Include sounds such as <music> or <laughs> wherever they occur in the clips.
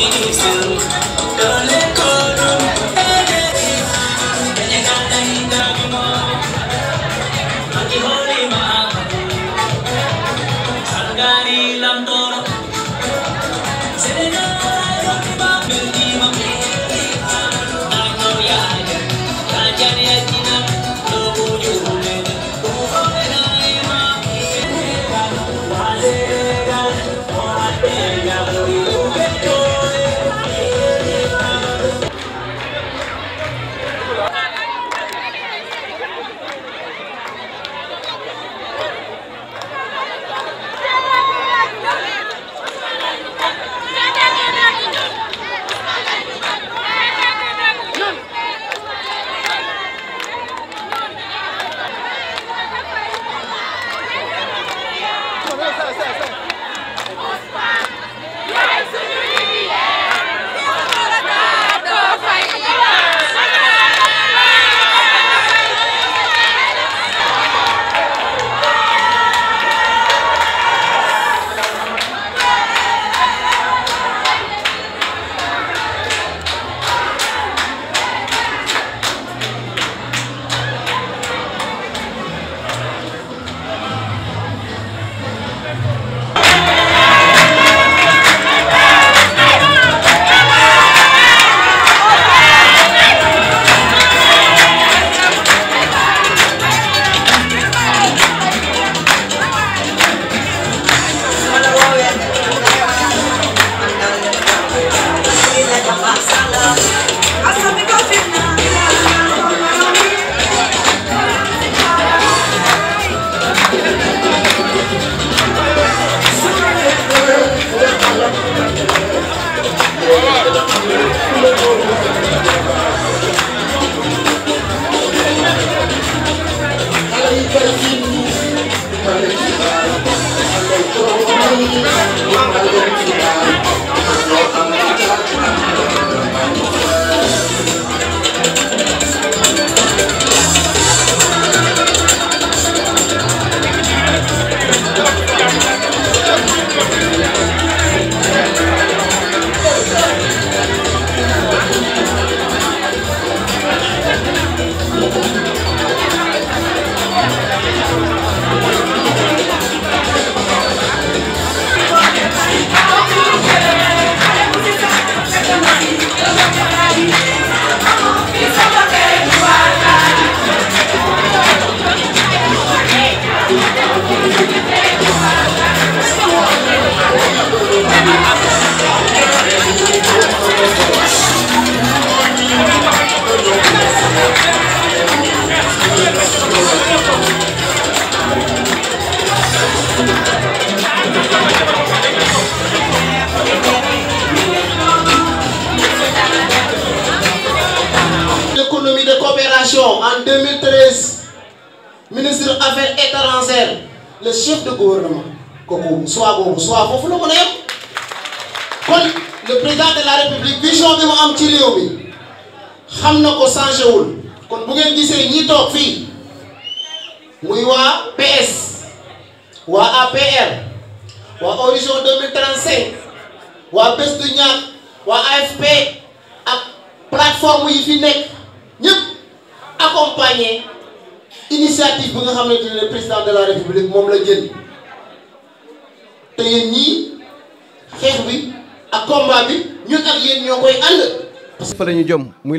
you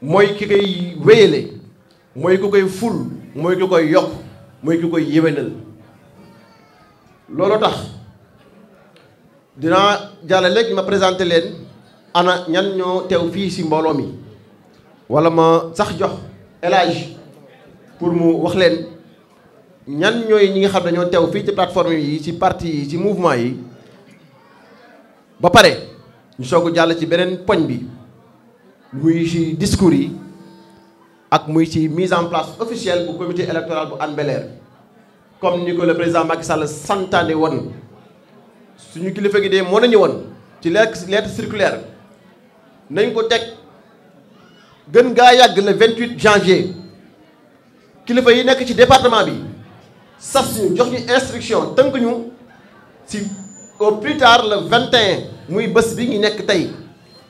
mooy ki koy wéyale mooy ki koy ful mooy ki koy yokk mooy ki koy yéwénal loolu tax dinaa jàlle léegi ma présenté leen ana ñan ñoo teew fii si mbooloo mi wala ma sax jox élage pour mu wax leen ñan ñooy ñi nga xam ne tew teew fii ci plateforme yi ci parti yi ci mouvement yi ba pare ñu soog jàll ci beneen poñ bi muy ci discours yi ak muy ci mise en place officielle bu comité électoral bu Anne Belair comme ni ko le président Macky Sall santaane won suñu kilifa gi dee moo nañu won ci lettre circulaire nañ ko teg gën gaa yag le 28 janvier kilifa yi nekk ci département bi sas ñu jox ñu instruction tënk ñu si au plus tard le 21 muy bëss bi ñu nekk tay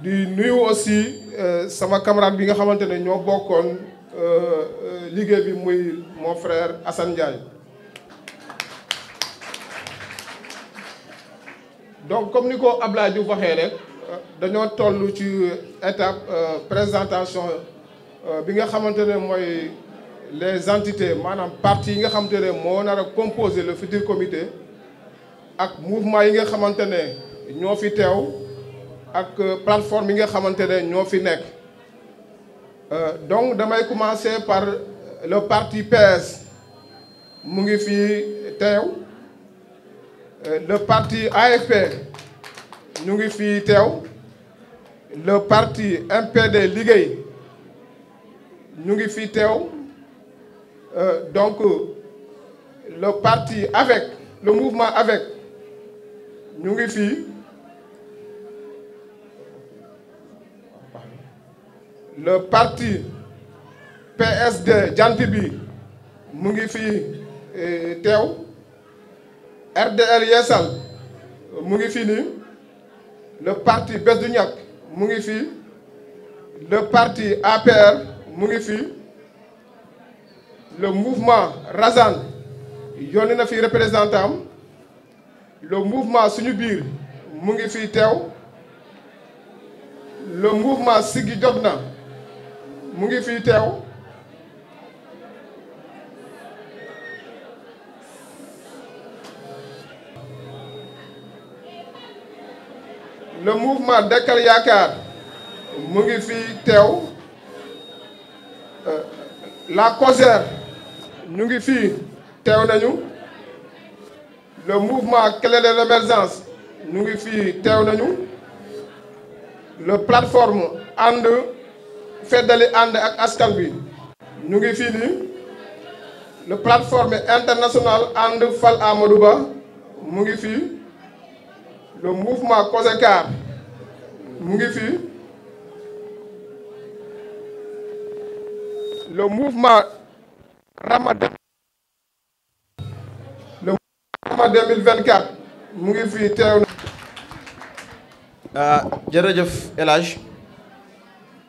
di nuyu aussi euh, sama camarade bi nga xamantene ño ñoo euh, euh liggéey bi muy mon frère Assane Diaye donc comme niko ko Abdoulaye Diouf waxee rek euh, dañoo tollu ci étape présentation bi nga xamantene moy les entités manam parti nga xamantene mo moo a composer le futur comité ak mouvement yi nga xamantene ño fi tew ak euh, plateforme yi nga xamante ne ñoo fi euh, Donc, donc vais commencer par euh, le parti PS mu ngi fi le parti AFP ñu ngi fi le parti MPD Ligue ñu ngi fi teew donc le parti avec le mouvement avec ñu ngi fi. le parti PSD Djantibi, Mungifi fi eh, Théo RDL Yessel mu le parti Bës Mungifi. le parti APR mungifi, le mouvement Razan Yoninafi représentant le mouvement Sunubir mungifi, Théo, le mouvement Sigidobna. Mungi mouvement le mouvement Dekkal Yakar. Euh, la causeur ngi le mouvement Clé de l'émergence ñu ngi le plateforme Ande feddali And ak askan bi le plateforme internationale Andou fal Amadou Nous le mouvement COSECAR Nous ngi le mouvement Ramadan le mouvement 2024 Nous ngi ah, Je euh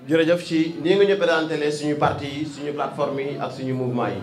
jërëjëf ci nii nga suñu parti suñu plateforme ak suñu mouvement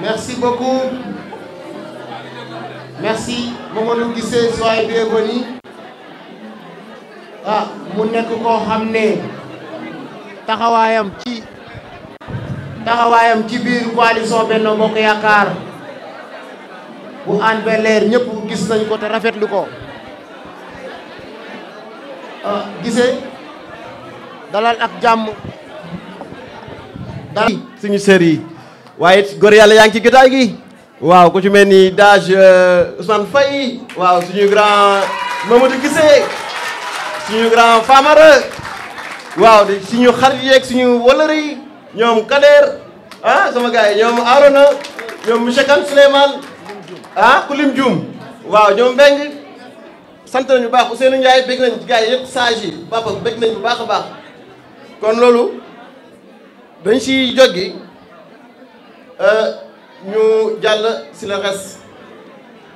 Merci beaucoup. Merci Mamadou Guissé soyez bienvenue. ah mu nekk koo xam ne taxawaayam ci taxawaayam ci biir coalition Benno Bokk Yaakaar bu Hann Bel-Air ñëpp gis nañ ko te rafetlu ko ah dalal ak jàmm. daa suñu sër yi waaye góor yàlla yaa ngi ci jotaay gi waaw ku ci mel ni Dage euh, Ousmane Faye waaw suñu grand Mamadou Guissé suñu grand Famara waaw suñu xarit yeeg suñu walëri yi ñoom Kader ah sama gars yi ñoom Arona ñoom monsieur Kane Souleymane ah Kulim Dioum waaw ñoom Mbengue sant nañu bu baax Ousseynou Ndiaye bégg nañ gars yi yëpp sage yi papa bégg nañ bu baax a baax kon loolu dañ si joggi euh, ñu jàll si la res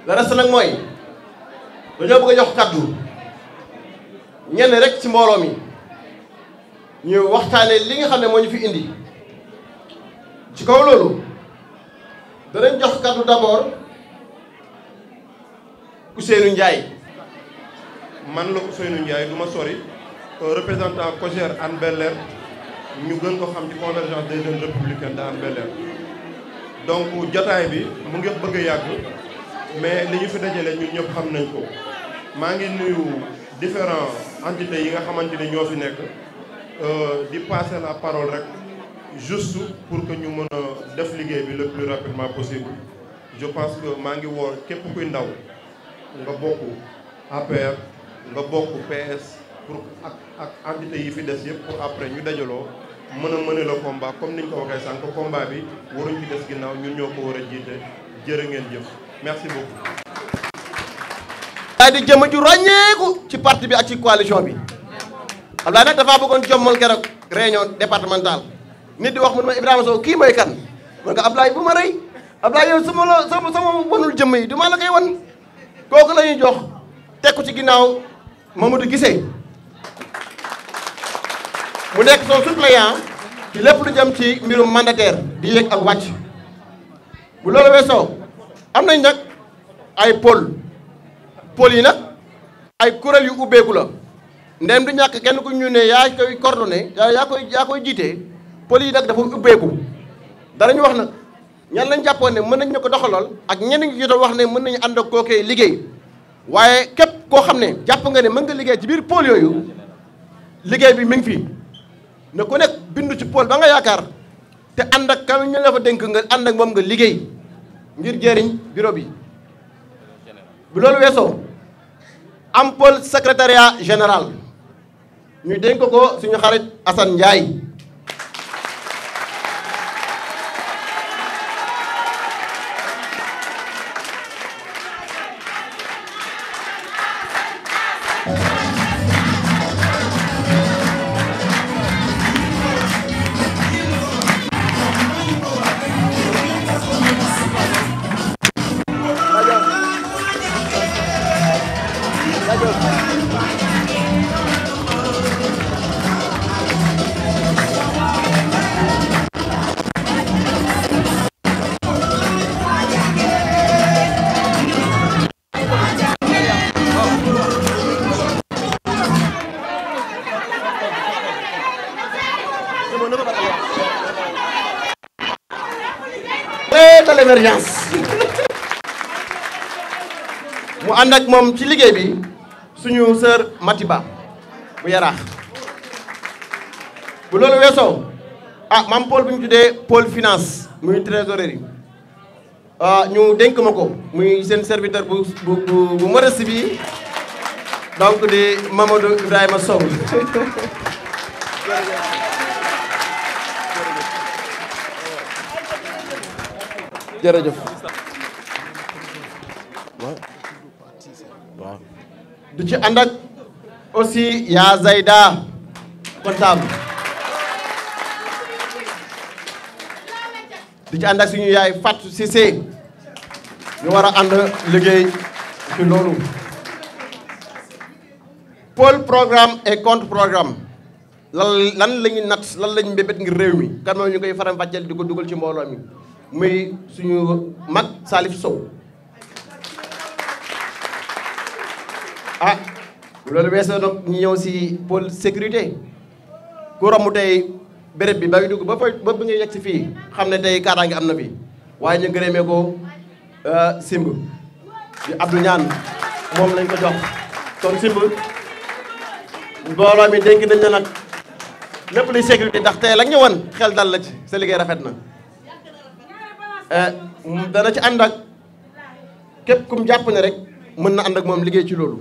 la res nag mooy dañoo bëgg jox kàddu ñenn rek ci mbooloo mi ñu waxtaane li nga xam ne moo ñu fi indi ci kaw loolu danañ jox kàddu d'abord Ousseynou Ndiaye man la Ousseynou Ndiaye du ma sori euh, représentant COJER Hann Bel-Air nous avons ko convergence des jeunes républicains dans bel donc mais nous ñu fi nous xam différents entités qui euh, passer la parole juste pour que nous puissions le plus rapidement possible je pense que je ngi nous képp PS pour ak ak yi fi des yëpp pour après ñu dajaloo mën a mëne la combat comme niñ ko waxee sànq combat bi waruñ fi des ginnaaw ñun ñoo ko war a jiite jërë ngeen jëf merci beaucoup. daal di jëmm ju ràññeeku ci parti bi ak ci coalition bi xam naa nag dafaa bëggoon jommal keroog réunion départementale nit di wax mu ne ma Ibrahima Sow kii mooy ma rëy Ablaye yow sama wanul jëmm yi du ma la koy wan kooku lañuy jox teg ci ginnaaw ma Mamadou Guissé mu nekk son suppléant ci lépp lu jëm ci mbirum mandataire di yéeg ak wàcc bu loolu weesoo am nañ nag ay pôle pôle yi nag ay kuréel yu ubbeeku la ndem du ñàkk kenn ku ñu ne yaa koy coordonné yaa koy yaa koy jiite pôle yi nag dafa ubbeeku dara ñu wax nag ñan lañ jàppoon ne mën nañ ñu ko doxalool ak ñenn ñi jot wax ne mën nañu ànd ak liggéey waaye képp koo xam ne jàpp nga ne mën nga liggéey ci biir pôle yooyu liggéey bi mi ngi fi. ne ku nekk bindu ci pôle ba nga yaakaar te ànd ak kam ñu la fa dénk nga ànd moom nga liggéey ngir jëriñ bureau bi bu loolu weesoo am pôle secrétariat général ñu dénk ko suñu xarit Assane Ndiaye nag moom ci liggéey bi suñu sœur Matiba bu yaraax bu loolu weesoo ah maam pôle bu ñu tuddee pôle finance muy trésorerie ah, ñu dénk ma ko muy seen serviteur bu bu bu modeste bi donc di Mamadou Ibrahima Sow jërëjëf di ci ànd aussi yaa Zayda comptable du ci ànd suñu yaay Fatou Cissé ñu war a ànd liggéey ci loolu pôle programme et contre programme lan lan la ñu nat lan lañu mbébét ngir réew mi kan moom ñu koy faram jël di ko dugal ci mbooloo mi muy suñu mag saalif Sow ah loolu weesoo nag ñëw si pôle sécurité ku romb tey béréb bi ba ngi dugg ba fa ba bi nga yegg si fii xam ne tey kaaraange am na fi waaye ñu gërëmee ko euh, simb di Abdou Ñaan moom lañ ko jox kon simb mbooloo mi dénk nañ la nag lépp luy sécurité ndax tey la ñu wan xel dal la ci sa liggéey rafet na euh, dana ci ànd ak képp kum jàpp ne rek mën na ànd ak moom liggéey ci loolu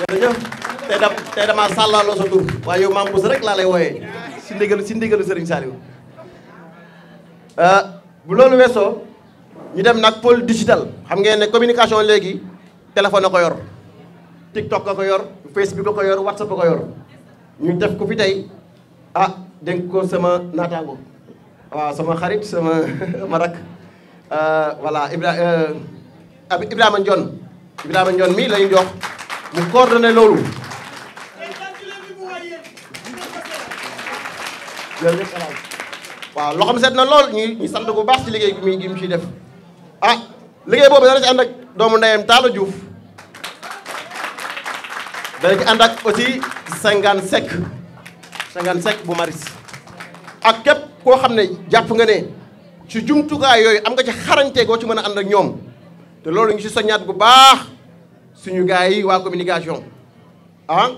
jërëjëf tey da tey damaa sàllaaloo sa tur waaye yow maam Bousso rek laa lay wooyee si ndigalu si ndigalu Serigne Saliou euh, bu loolu weesoo ñu dem nag pôle digital xam ngeen ne communication léegi téléphone a ko yor TikTok a ko yor Facebook a ko yor WhatsApp a ko yor ñu def ko fi tey ah dénk ko sama naataango waaw sama xarit sama <laughs> ma rak euh, voilà Ibra euh, Ibrahima Ndione Ibrahima Ndione mii lañu jox mu coordonner lolu wa lo xam set na lol ñi ñi sant ko baax ci liggey bi mi ngi ci def ah liggéey boobu dana ci ànd ak doomu ndeyam Talla Diouf dana ci ànd ak aussi Sengane sec Sengane sec bu Maris ak kep ko xamne japp nga ne ci ga yoy am nga ci xarañte go ci mëna and ak ñom te lolou ñu ci soñat bu baax. suñu gaay yi communication ah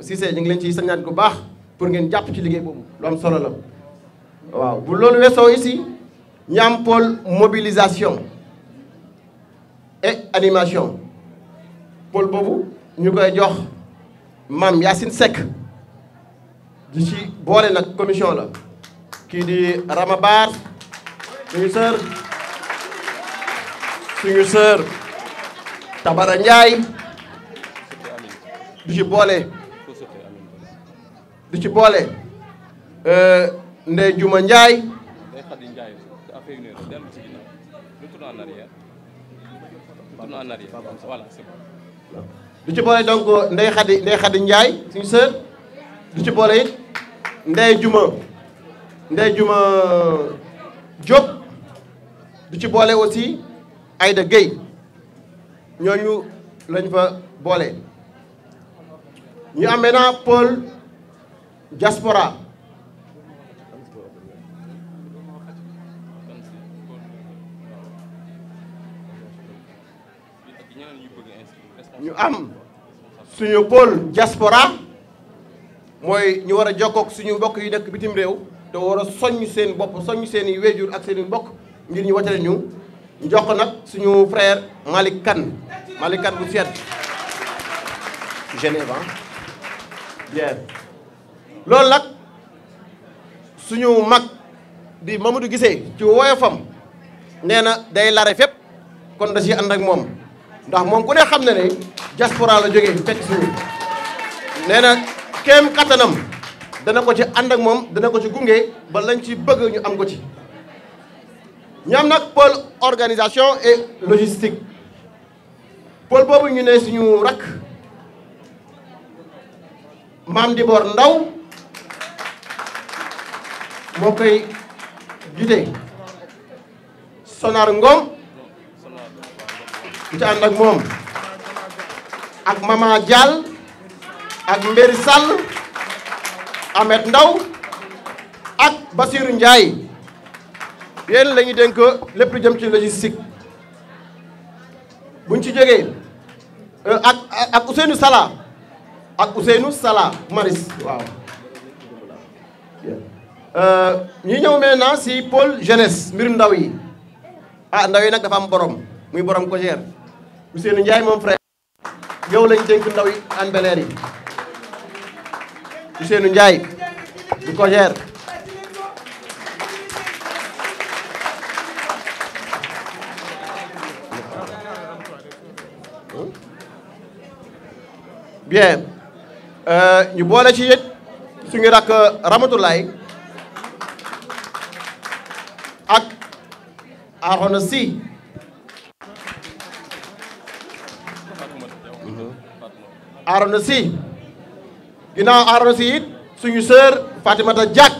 si ñu ngi leen ci sañaat bu baax pour ngeen japp ci liggéey boobu lu am solo la waaw bu loolu wesso ici ñu am mobilisation et animation pôle boobu ñu koy jox mam yassine Seck di ci boole nag commission la qui di Ramabar Monsieur, sœur sœur Tabara Ndiaye du ci boole du ci boole euh, Ndeye Juma Ndiaye du ci boole donc Ndeye Khady Ndeye Khady Ndiaye suñu sœur du ci boole it Ndeye Juma Ndeye Juma euh, Diop du ci boole aussi ayda Gueye ñooñu lañ fa boole ñu am maintenant pôle diaspora ñu am suñu pôle diaspora mooy ñu war a jokkook suñu mbokk yi nekk bitim réew te war a soññ seen bopp soññ seen i wéjur ak seen i mbokk ngir ñu watale ñu Joko nak suñu frère malik kan malik kan bu sét Genève bien lool nak suñu mag di Mamadou Guissé ci woyofam nee day laré fep kon da ci and ak mom ndax mom ku né xam na ne diaspora la joggé fecc suñu néna na katanam dana ko ci and ak mom dana ko ci gungé ba lañ ci bëgg ñu am ko ci ñoom nag pôle organisation et logistique pôle boobu ñu ne suñu rakk maam di ndaw moo koy jiite sonar ngoom ci ànd moom ak mama Diall ak Mbéri Sall amet Ndaw ak Basirou Ndiaye yéen la dénk lépp lu jëm ci logistique buñ ci jógee euh, ak ak Ousseynou Sala ak Ousseynou salaa Maris waaw euh, ñu ñëw maintenant si pôle genes mbirum ndaw yi ah ndaw yi nag dafa borom muy borom ko gère Ousseynou Ndiaye moom frère yow lañ dénk ndaw yi Hann bel yi Ousseynou Ndiaye du ko bien euh, ñu boole ci it suñu rakk Ramatulaay ak Arona Si mhm. Arona Si ginnaaw Arona Si it suñu sœur Fatimata Diak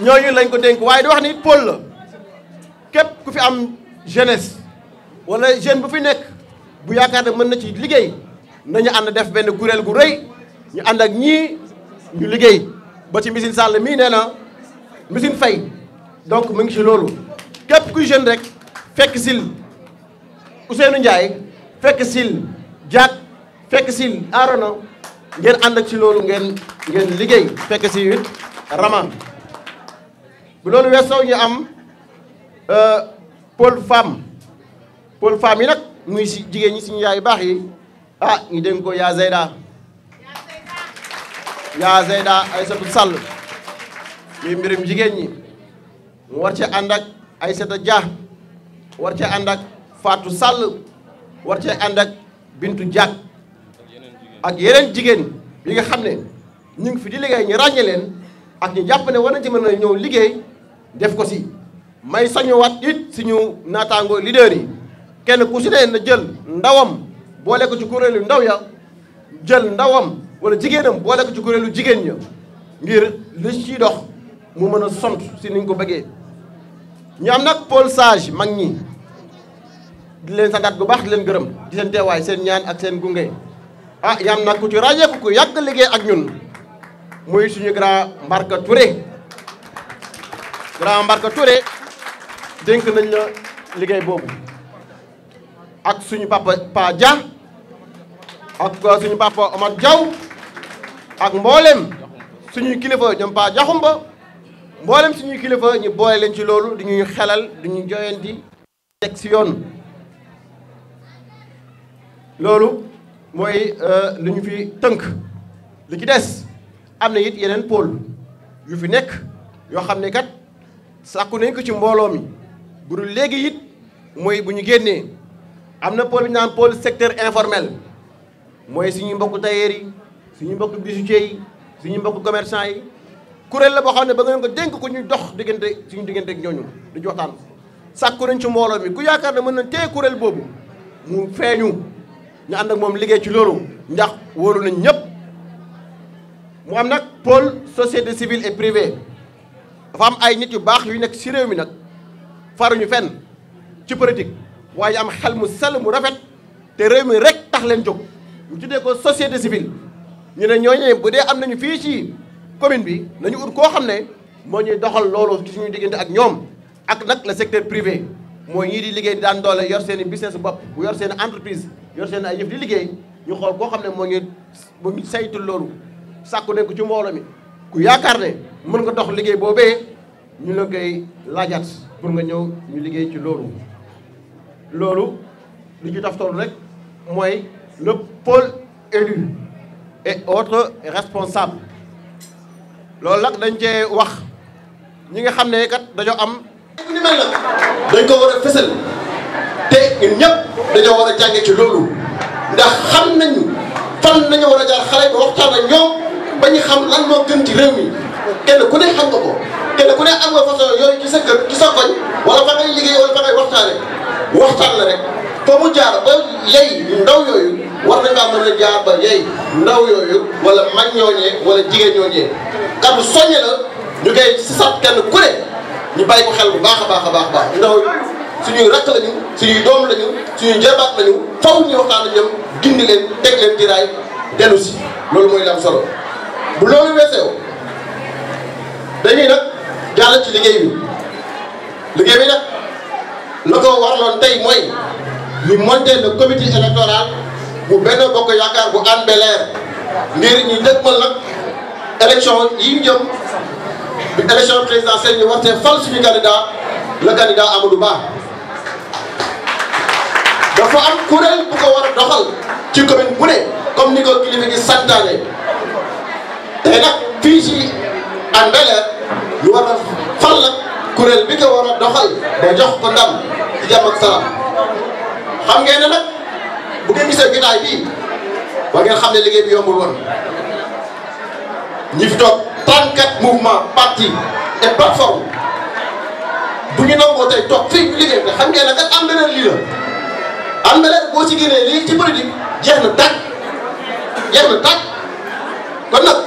ñooñu lañ ko dénk waaye di wax ni pôle la képp ku fi am jeunesse wala jeune bu fi nekk bu yaakaar ne mën na ci liggéey nañu ànd def benn kuréel gu rëy ñu ànd ak ñii ñu liggéey ba ci Missine sàll mii nee na Missine Faye donc mu ngi ci loolu képp kuy jeune rek fekk sil Ousseynou Ndiaye fekk sil Diak fekk sil Arona ngeen ànd ak ci loolu ngeen liggéey fekk si it bu loolu weesoo ñu am euh, pôle femme pôle femme yi nag muy si jigéen ñi suñu yaay baax yi ah ñu dénk ko yaa Zeyda yaa Zeyda Aysatu Sall muy mbirum jigéen ñi mu war ci ànd ak Aysata Dia war ci ànd ak faatu sàll war ci ànd ak Bintu Diak ak yeneen jigéen yi nga xam ne ñu ngi fi di liggéey ñi ràññe leen ak ñu jàpp ne war nañ ci mën a ñëw liggéey def ko si may sañuwaat it suñu naataangoo leader yi kenn ku ci ne na jël ndawam boole ko ci kuréelu ndaw ya jël ndawam wala jigéenam boole ko ci kuréelu jigéen ña ngir li ciy dox mu mën a sont si niñ ko bëggee ñu am nag pôle sage mag ñi di leen santaat bu baax di leen gërëm di seen teewaay seen ñaan ak seen gunge ah yam nag ku ci ràññeeku ku yàgg liggéey ak ñun muy suñu grand Mbarka Touré grand Mbarka Touré dénk nañ la liggéey boobu ak suñu papa Pa Dia ak euh, suñu papa Omar Diaw ak mboolem suñuy kilifa ñoom Pa mboolem suñuy kilifa ñu boole leen ci loolu di ñuy xelal di ñuy joyanti teg si yoon loolu mooy euh, lu ñu fi tënk li ci des am na it yeneen pôle yu fi nekk yoo xam ne kat sàkku nañ ko ci mbooloo mi léegi it mooy bu ñu génnee am na pôle bi naan pôle secteur informel mooy suñu mbokku tailleur yi suñu mbokk bijoutier yi suñu mbokk commerçant yi kuréel la boo xam ne ba ngeen ko dénk ko ñu dox diggante suñu diggante ak ñooñu duñu waxtaan sàkku nañ ci mbooloo mi ku yaakaar ne mën na tee kuréel boobu mu feeñu ñu ànd ak moom liggéey ci loolu ndax wóolu nañ ñëpp mu am nag pôle société civile et privée dafa am ay nit yu baax yu nekk ci réew mi nag faruñu fenn ci politique waaye am xel mu sell mu rafet te réew mi rek tax leen jóg ñu tuddee ko société civile ñu ne ñooñee bu dee am nañu fii ci commune bi nañu ut koo xam ne moo ñuy doxal loolu ci suñu diggante ak ñoom ak nag la secteur privé moo ñii di liggéey daan doole yor seen i business bopp bu yor seen entreprise yor seen ay yëf di liggéey ñu xool koo xam ne moo ñuy moo ñu saytu loolu sàkku ne ko ci mbooloo mi ku yaakaar ne mën nga dox liggéey boobee ñu la koy laajaat nga ñëw ñu liggéey ci loolu lolu li ñu taftoon rek moy le pôle élu et autres responsables lolu nag dañ cee wax ñi nga xamné kat dañu am. ni mel dañ ko wara fessel té ñepp dañu wara dañoo ci lolu ndax xam nañu fan nañu wara a jaar xale ba waxtaan ak ñoom ba xam lan mo gën ci réew mi. kenn ku ne xam nga ko kenn ku ne am nga façon yooyu ci sa kër ci sa koñ wala fa ngay liggéey wala fa ngay waxtaane waxtaan la rek fa mu jaar ba yey ndaw yooyu war na ngaa mën a jaar ba yey ndaw yooyu wala mag ñooñee wala jigéen ñooñee kàddu soññe la ñu koy sat kenn ku ne ñu bàyyi ko xel bu baax a baax a baax baax ndaw suñuy rakk lañu suñuy doom lañu suñuy jabaat lañu faw ñu waxtaan ak ñoom gindi leen teg leen ci raay si loolu mooy lam solo bu loolu weesoo dañuy nag jàll ci liggéey bi liggéey bi nag ko warloon tey mooy ñu monter le comité électoral bu benn bokk yaakaar bu Hann Bel-Air ngir ñu dëgmal nag élection yi ñu jëm bi élection présidentielle ñu wartee fal suñu candidat le candidat Amadou Ba dafa am kuréel bu ko war a doxal ci commune bu ne comme ni ko kilifa gi santaane te nag fii ci xarbele ñu war a fal nag kuréel bi ko war a doxal ba jox ko ndam ci jàmm ak salaam xam ngeen ne nag bu ngeen gisee gitaay bii ba ngeen xam ne liggéey bi yombul woon ñi fi toog 34 mouvement parti et plateforme bu ñu nangoo tey toog fii liggéey bi xam ngeen ne kat am beneen lii la am beneen boo ci génnee lii ci politique jeex na tàkk jeex na tàkk kon nag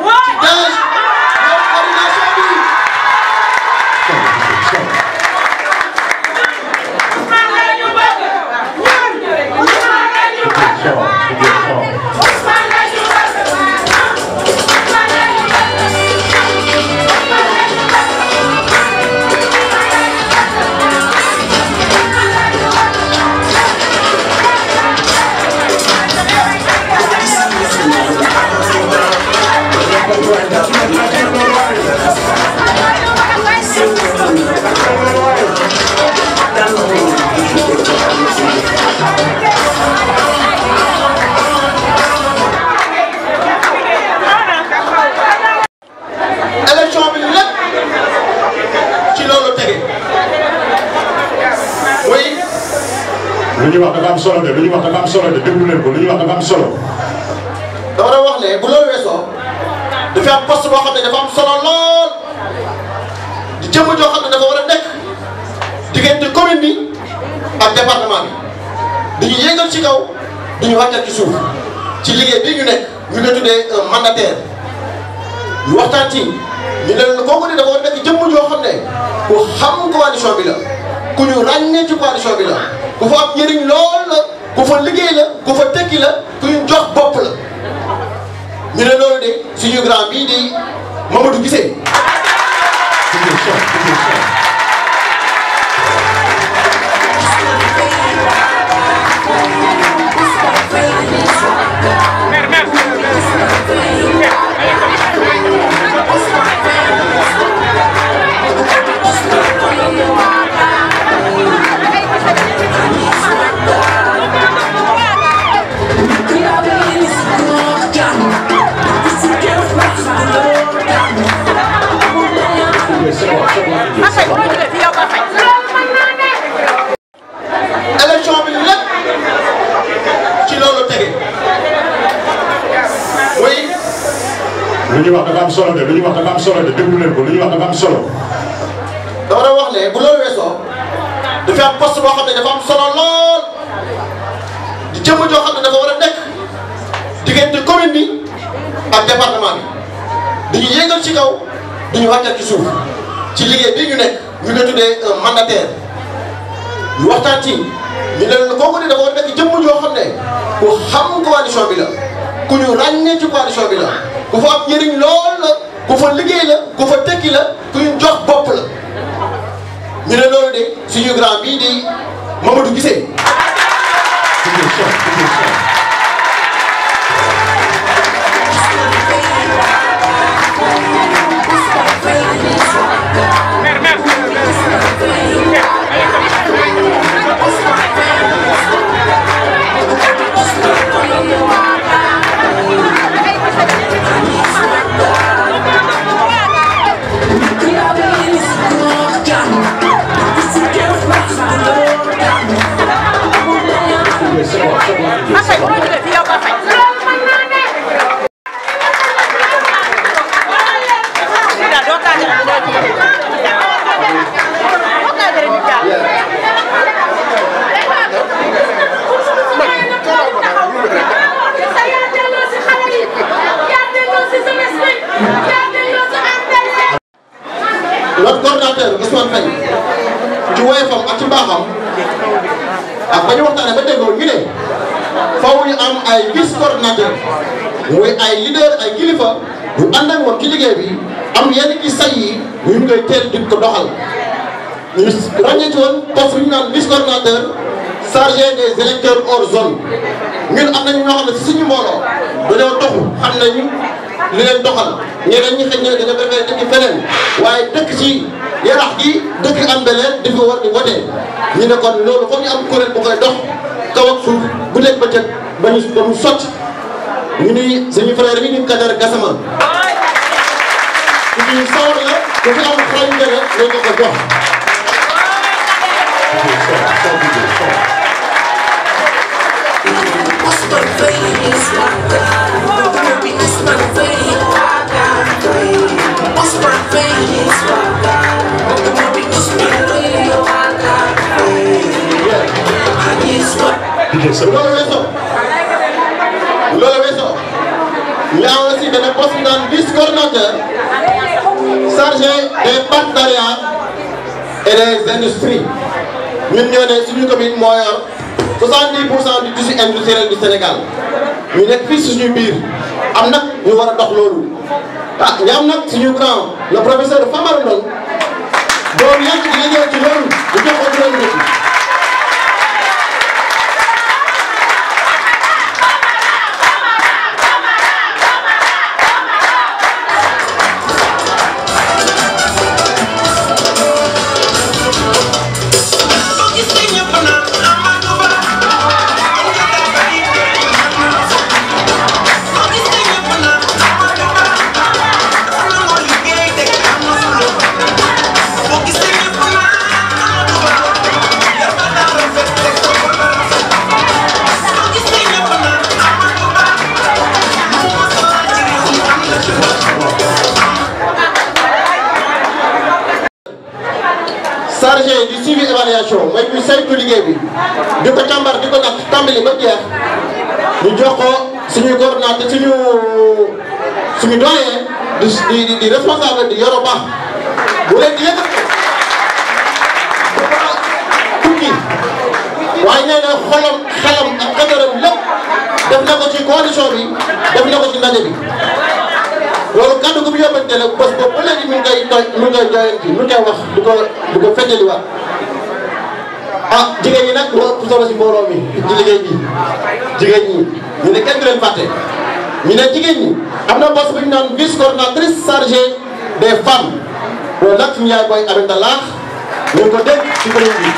What? She does. Nobody else solo de lu ñu wax dafa am solo de dafa am solo. dama doon wax ne bu loolu weesoo dafa am poste boo xam ne dafa am solo lool di jëmm joo xam ne dafa war a nekk diggante commune ak département bi ñu yëngal ci kaw du ñu wàccal ci suuf ci liggéey bii ñu nekk ñu la tuddee un mandataire ñu waxtaan ci ñu ne kooku ne dafa war a nekk jëmm joo xam ne ku xam coalition bi la ku ñu ràññee ci coalition bi la ku fa am njëriñ lool. fa liggéey la ku fa tekki la kuñ jox bopp la ñu ne loolu de suñu grand bii di Mamadou Guissé lu ñuy wax dafa am solo de lu ñuy wax dafa am solo de déglu ko lu ñuy wax dafa am ne bu loolu weesoo dafa am poste boo xam ne dafa am solo lool di jëmm joo xam ne dafa war ci kaw duñu wàccal ci suuf ci liggéey bii ñu ne kooku dafa war a nekk jëmm joo xam ne ku xam coalition bi la ku ñu ràññee ci coalition bi la. ku fa am njëriñ lool la ku fa liggéey la ku fa tekki la ku ñu jox bopp la ñu ne loolu de suñu grand bii di Mamadou Guissé ay vice coordinateur muy ay leader ay kilifa yu ànd ak ci liggéey bi am yenn ci say yi ñu ngi koy teel di ko doxal. ñu ràññee ci woon poste ñu naan vice coordinateur chargé des électeurs hors zone ñun am nañu ñoo xam ne si suñu mbooloo dañoo toxu xam nañu li leen doxal ñeneen ñi xëy na dina préféré dëkk feneen waaye dëkk ci yarax gi dëkk am beleen di fi war di wote ñu ne kon loolu foog ñu am kuréel bu koy dox kaw suuf. guddeeg bëccëg ba ca bañu bañu sot ñu ni suñu frère yi ñu Kadar gasama ñu sawr la ko fi am xol ndëgg do ko ko jox di dee sëb. loolu weesoo loolu weesoo mais aussi dana poste naan vice-coordonnateur de des partenariats et des industries ñun ñoo ne suñu commune moo yor 70 pour cent du tissu industriel du Sénégal ñu nekk fii suñu biir am nag ñu war a dox loolu ah ñu am nag ñu grand le professeur Famara Ndong boobu yàgg dina ñëw ci loolu bu jox ko juróomi liggéey bi di ko càmbar di ko nag tàmbali ba jeex ñu jox ko suñuy coordonnateur suñu suñu doyen di di di waaye nee na xolam xelam ak xadaram def na ci coalition bi def na ko ci ndaje bi loolu kàddu gu mu yóbbante la bés boobu ba léegi ñu ngi wax di ko di ko feññaliwaat ah jigéen ñi nag moo ëpp solo si mbooloo mi ci liggéey bi jigéen ñi ñu ne kenn du leen fàtte ñu ne jigéen ñi am na bos bu ñu naan vice coordonnatrice chargée des femmes loolu nag suñu yaay booy Aminata ñu ko dégg ci commune bi.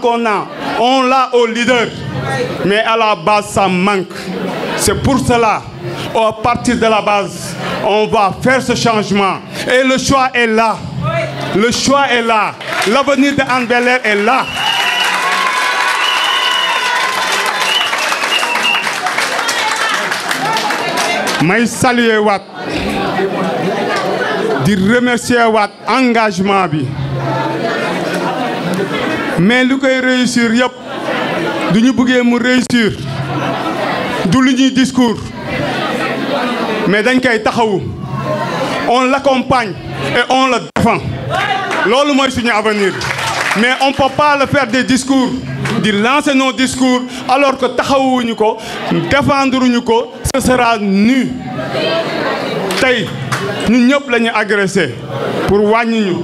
qu'on a, on l'a au leader. Mais à la base, ça manque. C'est pour cela, à partir de la base, on va faire ce changement. Et le choix est là. Le choix est là. L'avenir de Anne Belair est là. mais saluer Wat dit remercier Wat engagement mais lu koy réussir yëpp duñu ñu bëggee mu réussir du lu ñuy discours mais dañ koy taxawu on l'accompagne et on le défend loolu mooy suñu avenir mais on peut pas le faire des discours di lancer nos discours alors que taxawuñu ko défendruñu ko ce sera nu tey ñun ñëpp la ñu pour wàññi ñu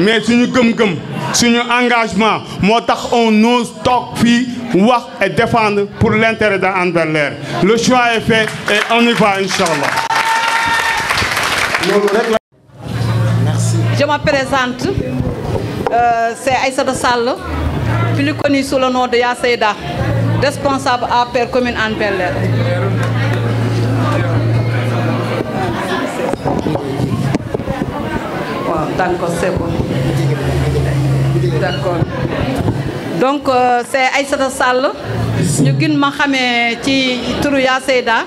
mais suñu gëm-gëm un engagement Moi, tax on ose nous et défendre pour l'intérêt danne belle le choix est fait et on y va inchallah Merci. Je me présente, euh, c'est Aïssa Sall, plus connu sous le nom de Yaseida, responsable à Père Commune anne belle d'accord, c'est bon. d'accord donc euh, c'est Aïssata Sall ñu gën ma xamee ci turu yaa Seyda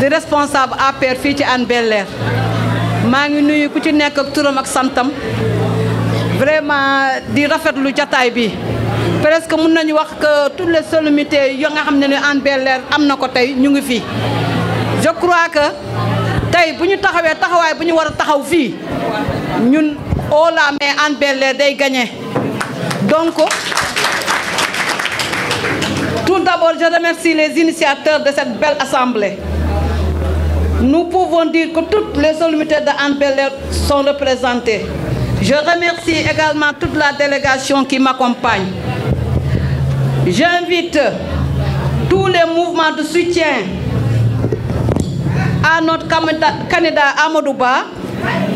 di responsable APR un ci qui est air maa ngi nuyu ku ci nekk ak turam ak santam vraiment di rafetlu jataay bi presque mun nañu wax que toutes les solennités yo nga xam ne un homme Bel-Air un homme ko est ñu ngi fii je crois que tey bu ñu taxawee taxawaay bu taxaw fii ñun oo la mais day gagné Donc, tout d'abord, je remercie les initiateurs de cette belle assemblée. Nous pouvons dire que toutes les solennités de Anne sont représentées. Je remercie également toute la délégation qui m'accompagne. J'invite tous les mouvements de soutien à notre candidat Amodouba,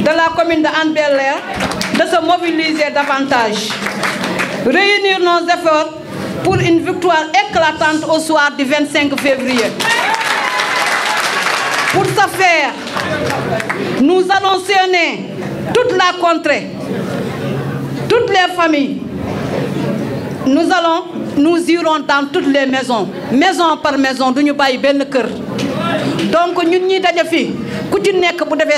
de la commune de Anne de se mobiliser davantage réunir nos efforts pour une victoire éclatante au soir du 25 février. Pour ce faire, nous allons sillonner toute la contrée, toutes les familles. Nous allons, nous irons dans toutes les maisons, maison par maison, nous ñu pas le cœur. donc nous ñi daje pour ku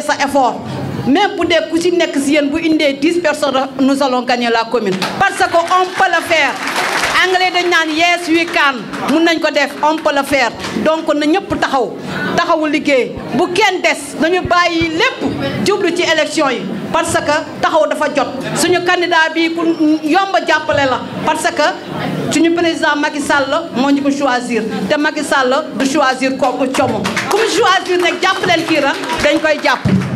cet effort. Même pour des cousines une 10 personnes, nous allons gagner la commune. Parce qu'on peut le faire. Anglais de yes, we can. on peut le faire. Donc, on ne peut pas des lépp ci élection parce que taxaw dafa jot candidat bi ku parce que suñu président Macky Sall nous choisir Té Macky Sall choisir ku nous choisir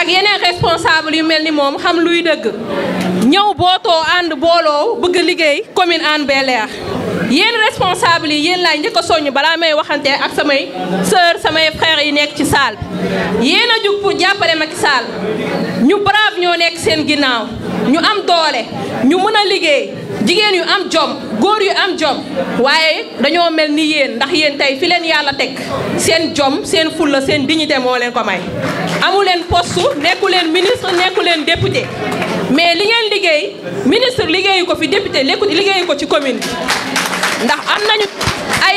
ak yeneen responsable yu mel ni moom xam luy dëgg ñëw bootoo ànd booloo bëgg liggéey commune Hann Bel-Air responsable yi yéen laay njëkk a soññ balaa may waxante ak samay sœur samay frères yi nekk ci salle yéen a jug pour jàppale Macky Sall ñu brave ñoo nekk seen ginnaaw ñu am doole ñu mën a liggéey jigéen yu am jom góor yu am jom waaye dañoo mel ni yéen ndax yéen tey fi leen yàlla teg seen jom seen fulla seen dignité moo leen ko may amu leen poste nekku leen ministre nekku leen député mais li ngeen liggéey ministre liggéeyu ko fi député liggéeyu ko ci commune bi ndax am nañu ay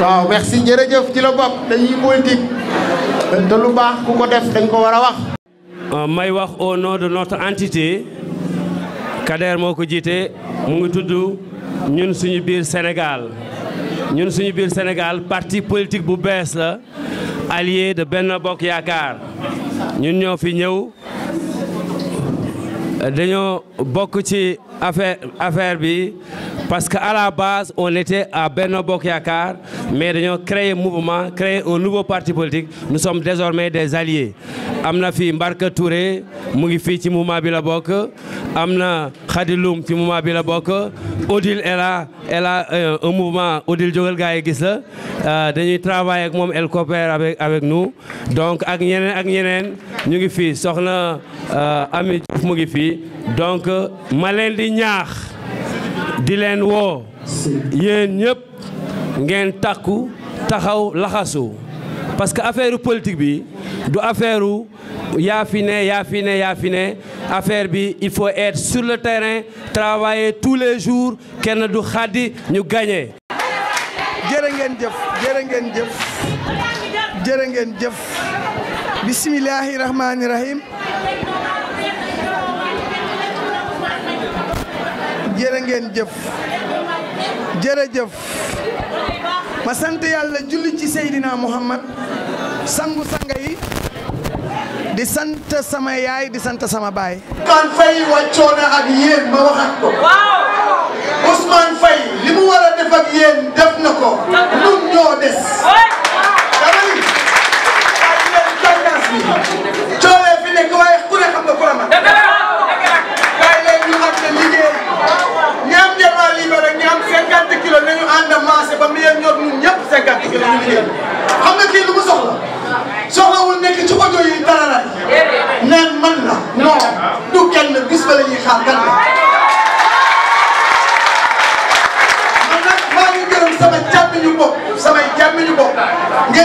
waaw merci jërëjëf ci la bopp dañuy politique te lu baax ku ko def dañ ko war a wax. Euh, may wax o nom de notre entité Kader moo ko jiite mu ngi tudd ñun suñu biir Sénégal ñun suñu biir Sénégal parti politique bu bees la allié de benn Bokk Yaakaar ñun ñoo fi ñëw dañoo bokk ci. affaire affaire bi parce que à la base on était à Benno mais mais créé créer mouvement créé un nouveau parti politique nous sommes désormais des alliés Amna fi fii Mbarka Touré mu fi ci mouvement bi la bok, amna Khadiloum ci mouvement bi la bok, Odile elle euh, a un mouvement Odile jógal gars yi gis la euh, dañuy travailler ak mom, elle coopère avec avec nous donc ak ñeneen ak ñeneen ñu ngi fi soxna euh, Ami Diouf mu donc ma leen ñaax di leen woo yéen ñëpp ngeen takku taxaw laxasu parce que affaire politique bi du affaire yaa fi ne yaa fi ne yaa fi ne affaire bi il faut être sur le terrain travailler tous les jours kenn du xaddi ñu gagné. jërë ngeen jëf jërë ngeen jëf jërë ngeen jëf bismillahi rahmaani rahim. jërë jëf jërëjëf ma sant yàlla julli ci Seydina Muhammad sangu sanga yi di sant sama yaay di sant sama baay. Ousmane Faye wàccoon na yéen ma waxat ko. Ousmane Faye li mu war a yéen def na ko. ñun ñoo des.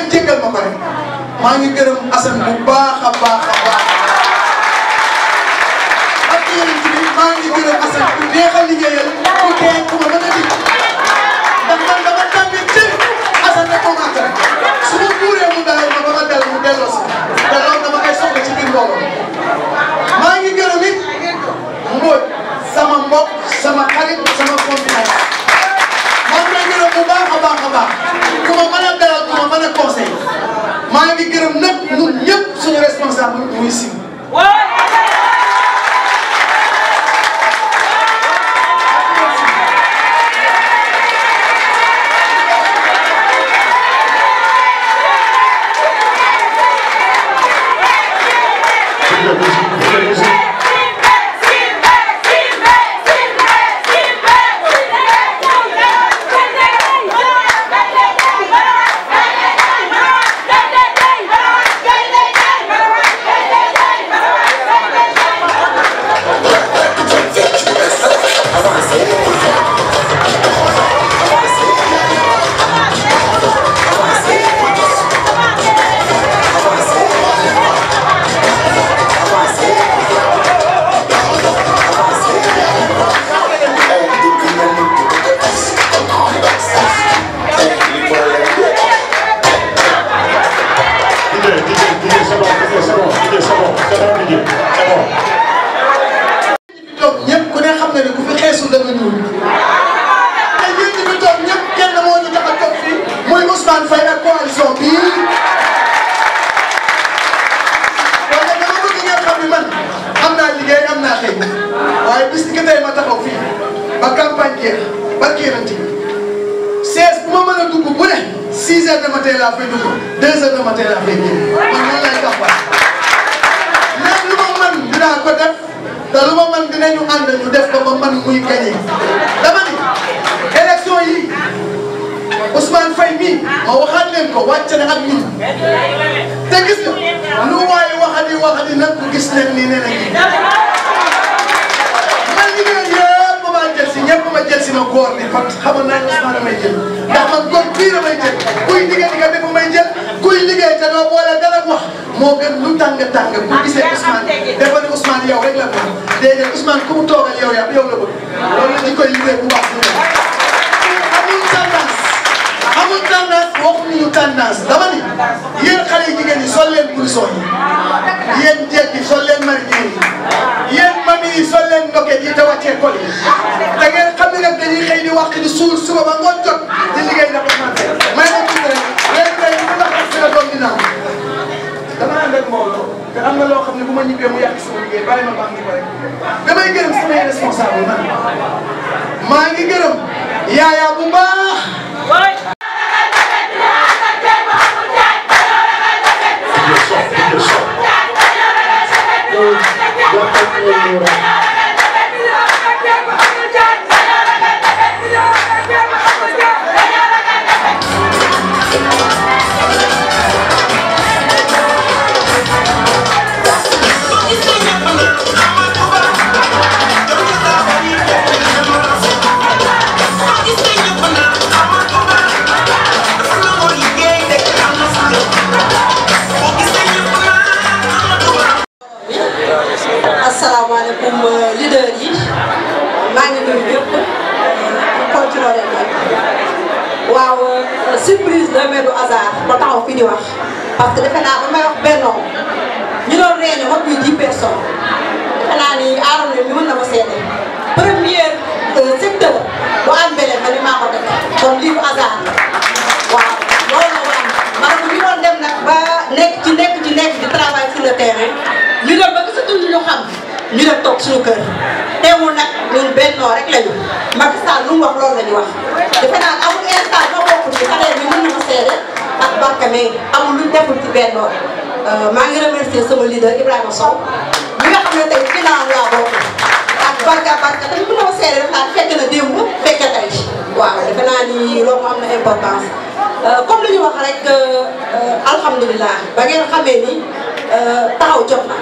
ngeen jéggal ma ko maa ngi gërëm Assane bu baax a baax a baax ak yéen ci biir maa ngi gërëm Assane bu neex a liggéeyal ku tee ku ma mën a dig ndax man dama ci Assane rek moo màgg rek su ma buuree mu daal ma ma dellu mu delloo si te loolu dama koy soxla ci maa ngi gërëm it Mbodj sama mbokk sama xarit sama combinaison. mën a conseil maa ngi gërëm nag ñun ñëpp suñu responsable muy sim daan naa xëy waaye bis ni ma taxaw fii ba campagne jeex barke yonent bi sees bu ma mën a dugg bu ne 6 heures de matin laa fay dugg 2 heures de lu ma mën dinaa ko def te lu ma mën dinañu ànd ñu def ba ma mën muy gagné dama Ousmane Faye mii ma waxaat leen ko wàcc na ak ñun te gis nga lu waaye waxati waxati nag gis leen nii nee na ñii man ñi ngeen ma jël si ñëpp ma jël si ma góor ni kon xamoon naa ne Ousmane damay jël ndax man góor bii damay jël kuy liggéey di nga def may jël kuy liggéey te doo boole wax moo gën lu tàng tàng bu gisee Ousmane dafa ne Ousmane yow rek la ko déedéet Ousmane ku mu toogal yow yaa yow la bëgg loolu la ñu koy liggéey bu baax tendance waxuñu tendance dama ni yéen xale yu jigéen ñi sol leen blouson yi yéen jeeg yi sol leen marinière yi yéen mami yi sol leen yi te wàccee col yi da ngeen xam ne nag dañuy xëy di wax di suul suba ba ngoon jot di liggéey na tuuti rek léegi tey bu ndax sa doom dina am dama ànd loo xam ne bu maa ngi gërëm yaaya bu Dapat murah como me eh, leader yi maa ngi nuyu ñëpp continuer leen eu waaw surprise eu mais du hasard ba taxaw fi não wax parce que defe naa ba may wax benn ñu doon não ba plus dix personnes defe naa ñu def toog suñu kër teewul nag ñun bennoo rek lañu Macky Sall lu mu wax loolu la ñu wax defe naa amul instant ba bokkul ci xale bi mën ma seede ak barka mais amul lu deful ci bennoo euh, maa ngi remercier sama leader Ibrahima Sow mi nga xam ne tey final laa bokk ak barka barka dañ mën na ma seede def naa fekk na démb fekk tey waaw defe naa ni loolu am na importance euh, comme li ñu wax rek euh, alhamdulilah ba ngeen xamee ni taxaw jot na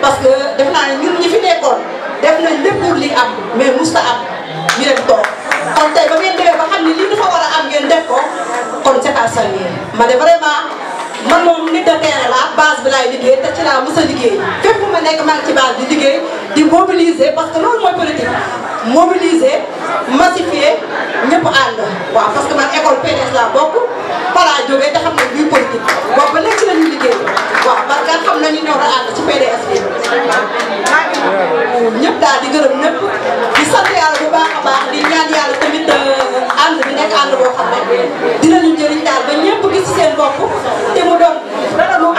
parce que def naa ne ñun fi nekkoon def nañ lépp pour li am mais musta am ñu dem toog kon tey ba ngeen demee ba xam ni lii dafa war am ngeen def ko kon c'est à ma ne vraiment man moom nit de terrain la base bi laay liggéey te ci laa mos a liggéey fépp ma nekk maa ngi ci base bi liggéey. di mobiliser parce que loolu mooy politique mobiliser massifier ñëpp ànd waaw parce man école PDS laa bokk Fala jógee te xam nañ luy politique waaw ba léegi ci la ñuy waaw parce xam nañu ñëw na ci PDS bi ñëpp daal di gërëm ñëpp di sant yàlla bu baax a baax di ñaan yàlla tamit euh, ànd bi nekk ànd boo xam ne dinañu jëriñ daal ba ñëpp gis seen bopp te mu doon.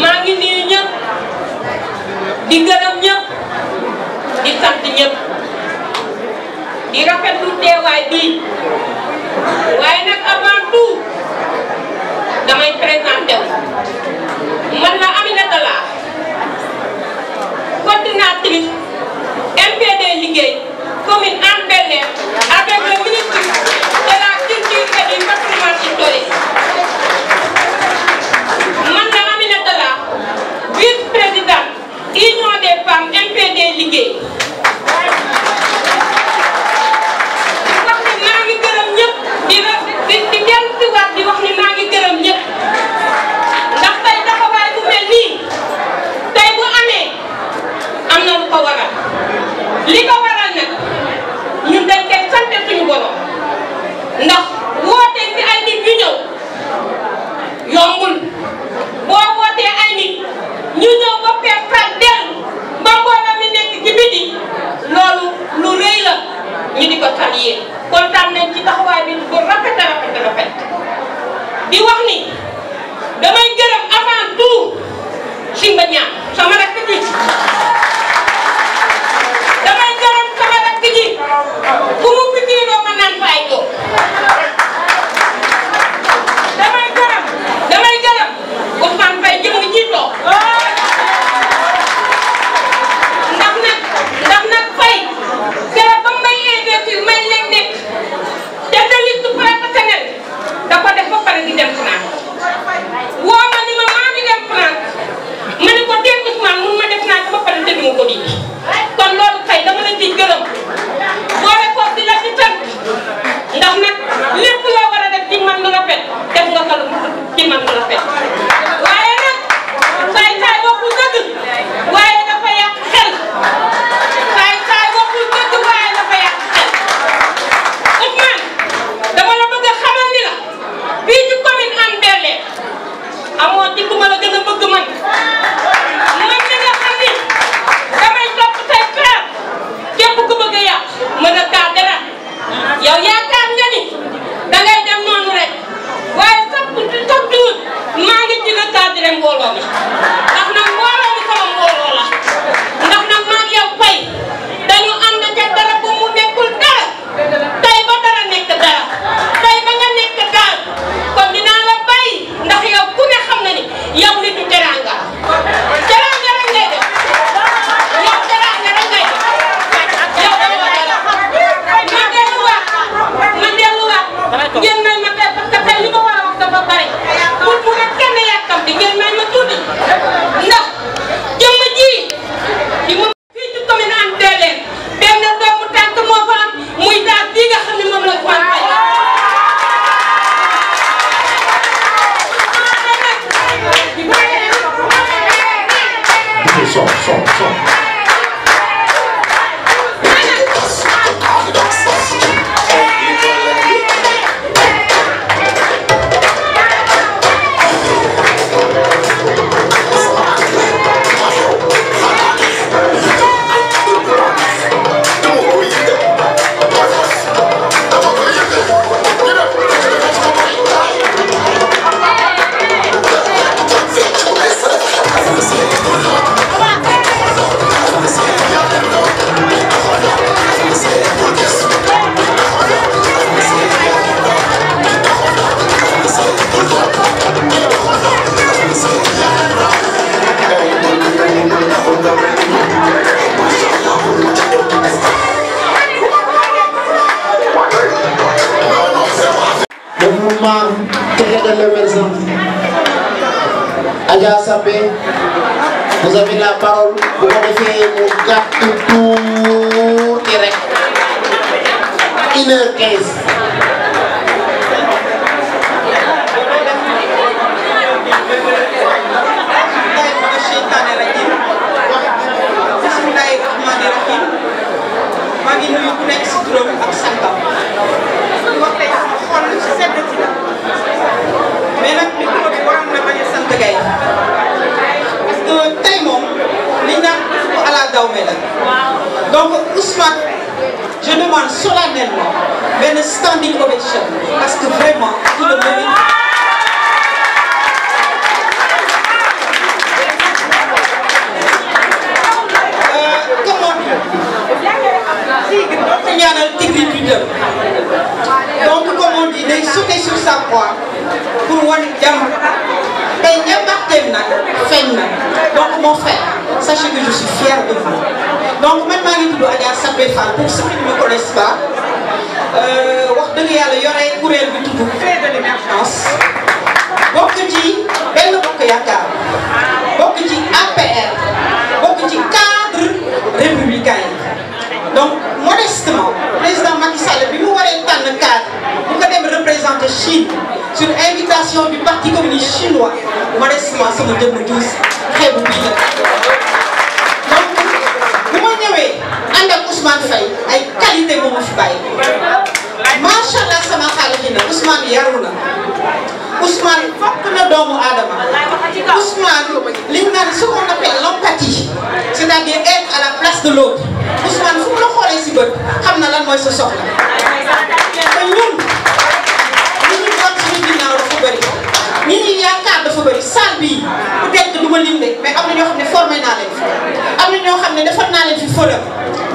maa ngi nuyu ñëpp di gërëm ñëpp di sant ñëpp di rafetlu teewaay bi waaye nag damay man la coordinatrice MPD liggéey commune Hann bel je suis fière de vous. donc même Marie ngi Adja Fall pour ceux qui ne me connaissent pas euh, wax dëgg yàlla yore kuréel bi tudd faire de l'émergence bokk ci Benno Bokk Yaakaar ci APR bokk ci cadre républicain donc modestement président Macky Sall bi mu le tànn cadre bu ko dem représenter Chine sur invitation du parti communiste chinois modestement sama de tuuti tous. Très Ousmane Faye ay qualité moomu fi bàyyi macha allah sama xaalis na Ousmane yaru fokk na doomu aadama Ousmane liñ naan ce qu'on appelle l'empathie c'est-à-dire être à la place de l'autre Ousmane fu mu la xoolee si bët xam na lan mooy sa soxla. yaakaar dafa bëri salle bii bu dégg du ma lim de mais am na ñoo xam ne formé naa am na ñoo xam ne defar naa fi fërëm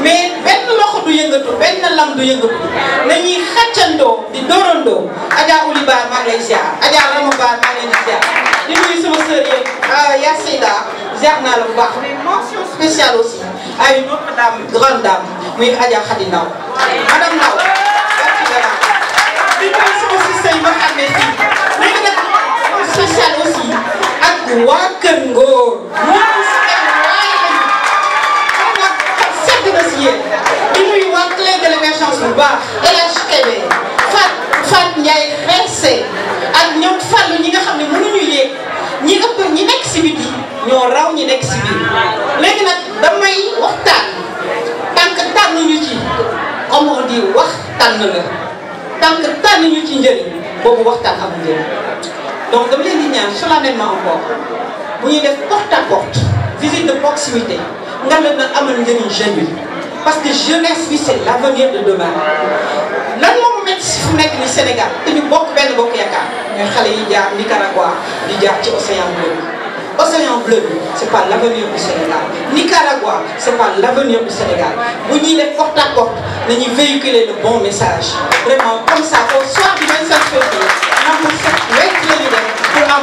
mais benn loxo du yëngatu benn lam du yëngatu nañuy xàccandoo di doorandoo Adja Ouli Ba maa ngi lay ziar Adja Rama Ba maa ngi ah, yaa Seyda ziar la bu baax mais mention spéciale aussi à une autre dame grande dame muy Adja Khady Ndaw madame Ndaw. di nuyu sama sœur yi ma xam ne fii. Sanusi ak waa Kër Ngor moom seen waay la ñu moom nag sedd na si yéen di nuyu waa clé de l'émergence bu baax LHTB Fat Fat Ndiaye xeese ak ñoom fàllu ñi nga xam ne mënuñu yéeg ñi ëpp ñi nekk si biti ñoo raw ñi nekk si biir nag damay waxtaan tànk tànnuñu ci comme on dit wax tànn la tànk tànnuñu ci njëriñ boobu waxtaan amul njëriñ donc dama les lignes, ñaan solennellement encore Vous voyez def porte à porte visite de proximité Nous leen na amal njëriñ jeunes parce que jeunesse c'est l'avenir de demain lan moo vous fu nekk ni Sénégal le ñu bokk benn bokk yaakaar ñooy xale yi jaar Nicaragua di jaar ci Océan Bleu Océan Bleu ce c'est pas l'avenir du Sénégal Nicaragua c'est pas l'avenir du Sénégal Vous ñuy def porte à porte nañuy véhiculer le bon message vraiment comme ça au soir du 25 février. nous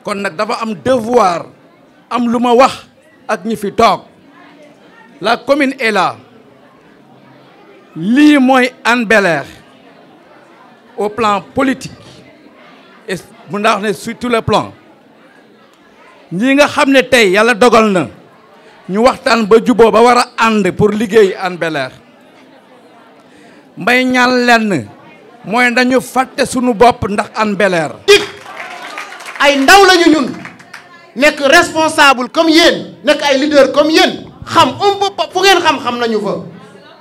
kon nag dafa am devoir am lu ma wax ak ñi fi toog la commune est là lii mooy au plan politique et mun naa sur tous les plans ñi nga ya ne tey yàlla dogal na ñu ba ba a pour liggéey an belair air may ñaan lenn mooy dañu fàtte suñu bopp ndax ay ndaw lañu ñun nekk responsable comme yéen nekk ay leader comme yéen xam un um peu fu xam-xam nañu fa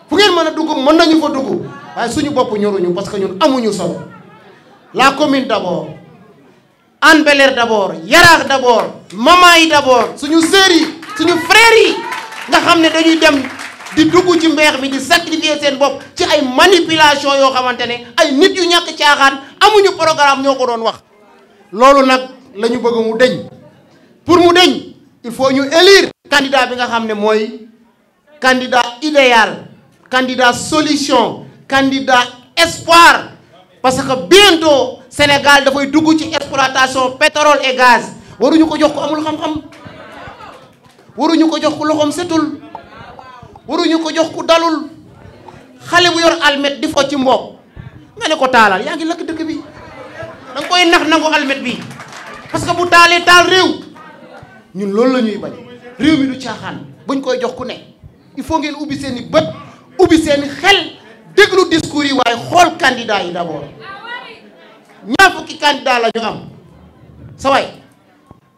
fu ngeen mën a dugg mën nañu fa dugg waaye suñu bopp ñu parce que ñun amuñu solo la commune d'abord Hann Bel-Air d'abord Yaraax d'abord maman yi d'abord suñu sœurs yi suñu frères yi nga xam ne dañuy dem di dugg ci mbeex mi di sacrifier seen bopp ci ay manipulation yoo xamante ne ay nit yu ñàkk caaxaan amuñu programme ñoo ko doon wax lolu nak la bëgg mu deñ pour mu deñ il faut ñu élire candidat bi nga xamné ne candidat idéal candidat solution candidat espoir parce que bientôt Sénégal fay dugg ci exploitation pétrole et gaz waruñu ko jox ko amul xam-xam waruñu ko jox ku loxom setul waruñu ko jox ku dalul xalé bu yor almet di fo ci mbokk mané ko talal yaa ngi dëkk bi da koy nax nangu almet bi parce que bu taalee taal réew ñun loolu la ñuy bañ réew mi du caaxaan buñ koy jox ku ne il faut ngeen ubbi seen bët ubbi seen i xel déglu discours yi waaye xool candidat yi d'abord ñaar fukki candidat la ñu am sa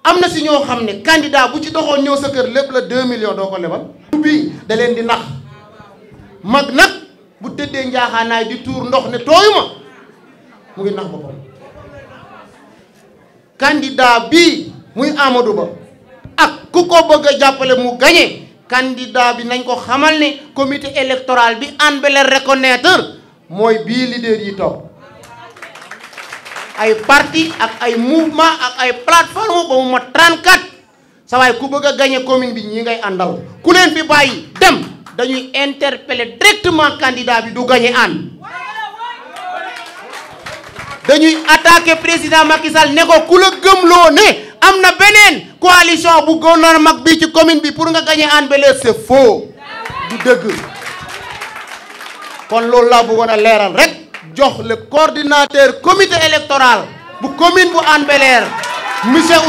am na si ñoo xam ne candidat bu ci doxoon ñëw sa kër lépp la 2 millions doo ko lebal. bi da leen di nax mag nag bu tëddee njaaxaanaay di tuur ndox ne tooyu ma mu ngi nax boppam. candidat bi muy amadou ba ak kuko ko bëgg a mu gagner candidat bi nañ ko xamal ni comité électoral bi an be le reconnaître moy bi leader yi top ay parti ak ay mouvement ak ay plateforme ba mu 34 sa way ku bëgg gagner commune bi ñi ngay andal ku leen fi bayyi dem dañuy interpeller directement candidat bi du gagné an dañuy attaquer président Macky Sall ne ko ku la gëmloo ne am na beneen coalition bu gënoon a mag bii ci commune bi pour nga gagner Hann Bel-Air c'est dëgg kon loolu laa bëggoon a leeral rek jox le coordinateur comité électoral bu commune bu Hann Bel-Air monsieur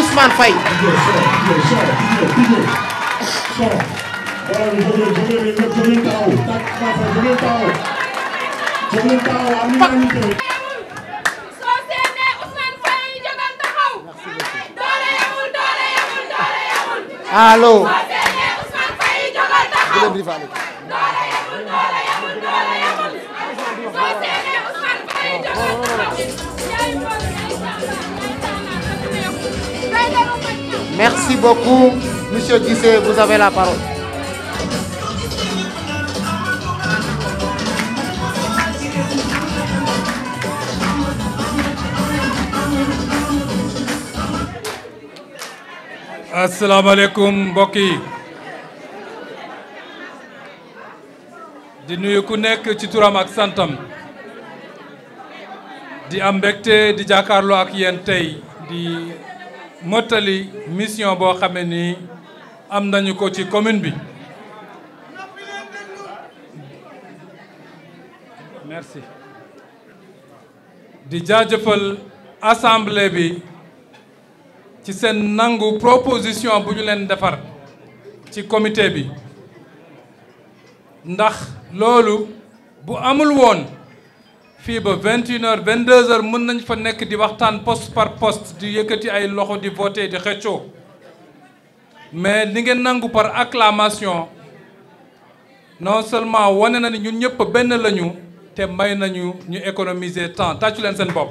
Allô Merci beaucoup, Monsieur Guisset, vous avez la parole. asalaamaaleykum mbokk yi di nuyu ku nekk ci turam ak santam di am mbégte di jàkkaarloo ak yéen tey di mottali mission boo xamee ni am nañu ko ci commune bi merci di jaajëfal assemblée bi ci sen nangu proposition buñu len leen defar ci comité bi ndax lolu bu amul won fi ba 21h 22h mën nañ fa nek di waxtan poste par poste di yëkëti ay loxo di voter di xëccio mais li ngeen nangu par acclamation non seulement woné na ni ñun ñëpp ben lañu té may nañu ñu économiser temps tàccu len sen bop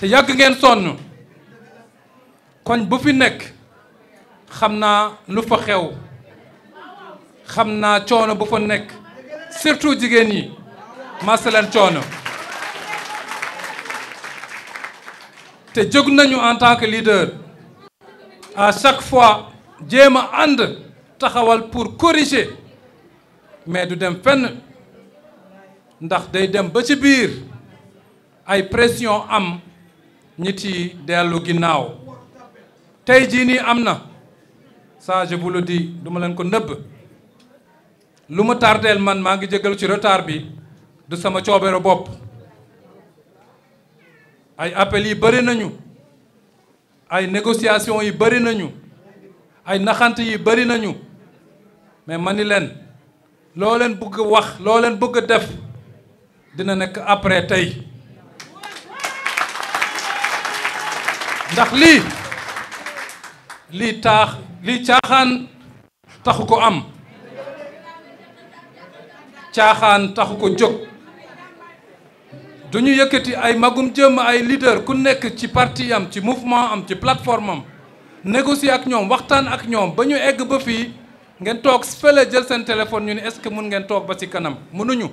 te yàgg ngeen sonn kon bu fi nekk xam lu fa xew xam naa bu fa nekk surtout jigéen ñi ma coono te jóg en tant que leader à chaque fois jéem a taxawal pour corriger mais du dem fenn ndax day dem ba ci pression am nit yi dellu ginnaaw tey jii nii am na ça je vous le dis leen ko nëbb lu ma tardeel man maa ngi jégalu ci retard bi du sama coobere bopp ay appels yi bari nañu ay négociations yi bëri nañu ay naxant yi bari nañu mais ma ni leen loo leen bëgg wax loo leen bëgg def dina nekk après tey ndax lii lii taax lii caaxaan taxu ko am caaxaan taxu ko jóg duñu yëkkati ay magum jëm ay leader ku nekk ci parti am ci mouvement am ci plateforme am négocier ak ñoom waxtaan ak ñoom ba ñu egg ba fii ngeen toog fële jël seen téléphone ñu ne est-ce que mun ngeen toog ba ci kanam mënuñu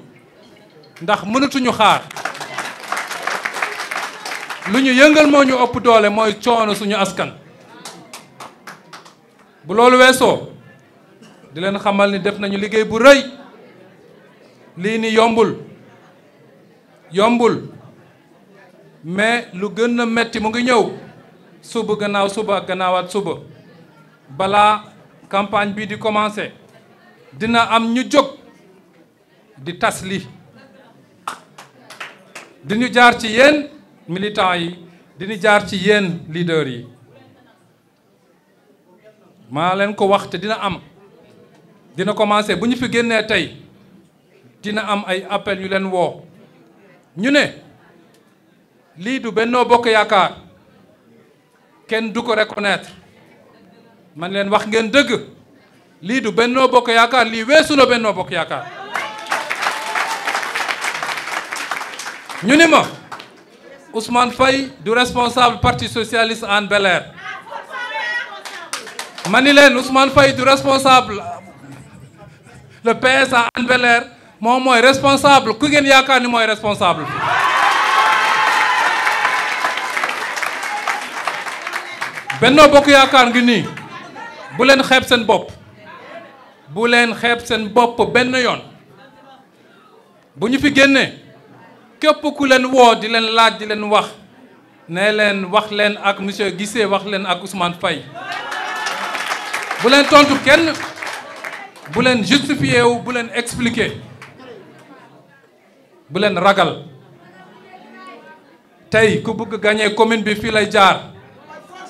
ndax mënatuñu xaar lu ñu yëngal moo ñu ëpp doole mooy coono suñu askan bu loolu weesoo di leen xamal ni def nañu liggéey bu rëy lii ni yombul yombul mais lu gën a metti mu ngi ñëw suba gannaaw suba gannaawaat suba balaa campagne bi di commencer dina am ñu jóg di tas li di ñu jaar ci yéen militants yi dina jaar ci yeen leader yi ma len ko wax te dina am dina commencer buñu fi génné tay dina am ay appel yu len wo ñu né li du Benno Bokk Yaakaar ken du ko reconnaître man len wax ngeen deug li du Benno Bokk Yaakaar li wessu Benno Bokk Yaakaar ñu ni ma Ousmane Faye du responsable parti socialiste Anne Belair. Manilène, Ousmane Faye du responsable le PS à belair bel Moi, responsable Qui Yakar, yaakaar ni responsable Benno Bokk Yakar, ngi nii bu leen xeeb seen Bop, bu leen xeeb seen bopp benn que ku len woo di leen laaj di ne len wax len ak monsieur Guissé wax len ak Ousmane fay bu len tontu kenn bu len justifié bu len ils bu len ragal tay ku bëgg gagné commune bi fi lay jaar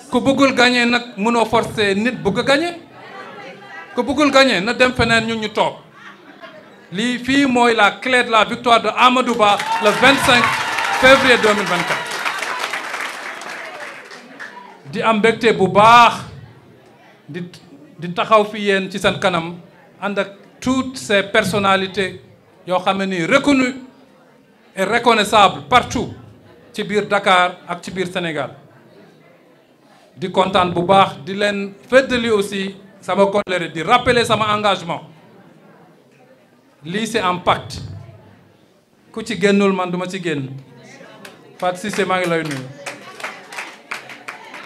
ku bëggul gagné nak mëno forcé nit bëgg gagné ku bëggul gagné na dem feneen ñun ñu Li la clé de la victoire de Ahmedouba le 25 février 2024 di am mbégte kanam toutes ces personnalités qui sont reconnues et reconnaissables partout Tibir Dakar ak ci Sénégal di kontaan bu di de lui aussi sama colère de rappeler mon engagement lii c'est un pacte ku ci génnul man ma ci génn Fatou Cissé maa ngi lay nuyu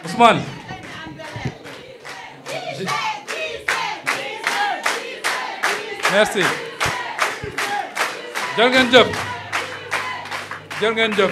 Ousmane merci jërë ngeen jëf jërë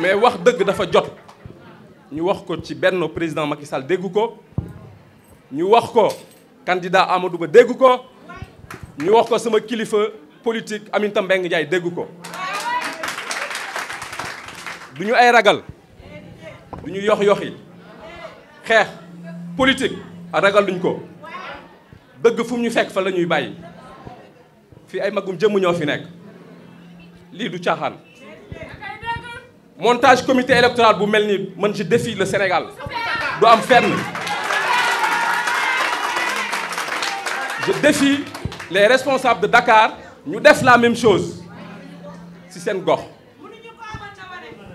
mais wax dëgg dafa jot ñu wax ko ci benn président Macky Sall dégg ko ñu wax ko candidat Amadou Ba dégg ko ñu wax ko sama kilifa politique Aminata Mbengue jaay dégg ko du ñu ay ragal du ñu yox yoxi xeex politique ragal duñ ko dëgg fu ñu fekk fa la ñuy bàyyi fii ay magum jëmm ñoo fi nekk lii du caaxaan montage comité électoral bu Melni, je défie le Sénégal je défie les responsables de Dakar Nous def la même chose C'est une gox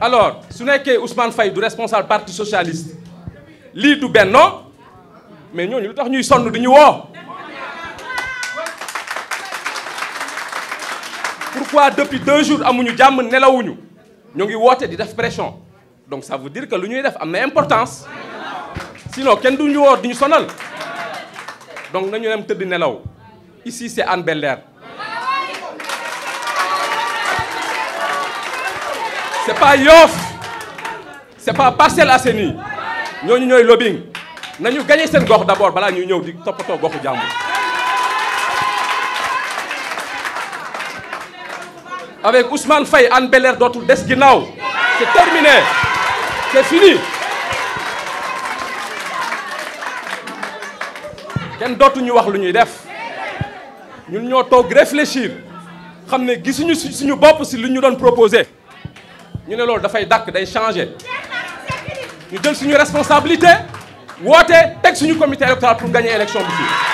alors su que Ousmane Faye du responsable parti socialiste tout bien, non mais nous, nous sommes ñuy sonn du pourquoi depuis deux jours nous avons nelawuñu ñu ngi woote di def pression donc ça veut dire que lu ñuy def am importance sinon kenn du ñu woo du sonal donc nañu dem tëdd nelaw ici c'est Anne Bel-Air c'est pas Yoff c'est pas Parcelles Asseni. ñooñu ñooy lobbying nañu gagner cette gorge d'abord balaa ñuy ñëw di gorge goxu Jambu. avec Ousmane Faye Anne Belair dootul des c'est terminé c'est fini kenn nous wax lu ñuy def ñun ñoo toog réfléchir xam ne gisuñu suñu bopp si lu ñu doon proposé ñu ne loolu dafay dàkk day changé ñu jël suñu responsabilité woote teg suñu comité électoral pour gagner l'élection. ici.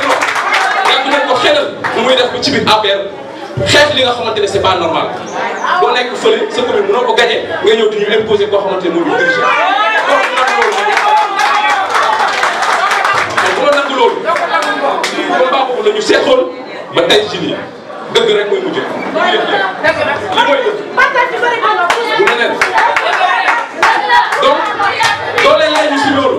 Pedro kenn du leen ko xelal lu muy def ko ci biir APR xeex li nga xamante c'est pas normal boo nekk fële sa commune mënoo ko gagné nga ñëw di ñu imposer koo xamante ne moom ñu dirigé. bu la nangu loolu combat boobu la é? seexoon ba tey ci lii dëgg rek mooy mujj li mooy dëgg bu leneen donc dooleen leen ñu si loolu.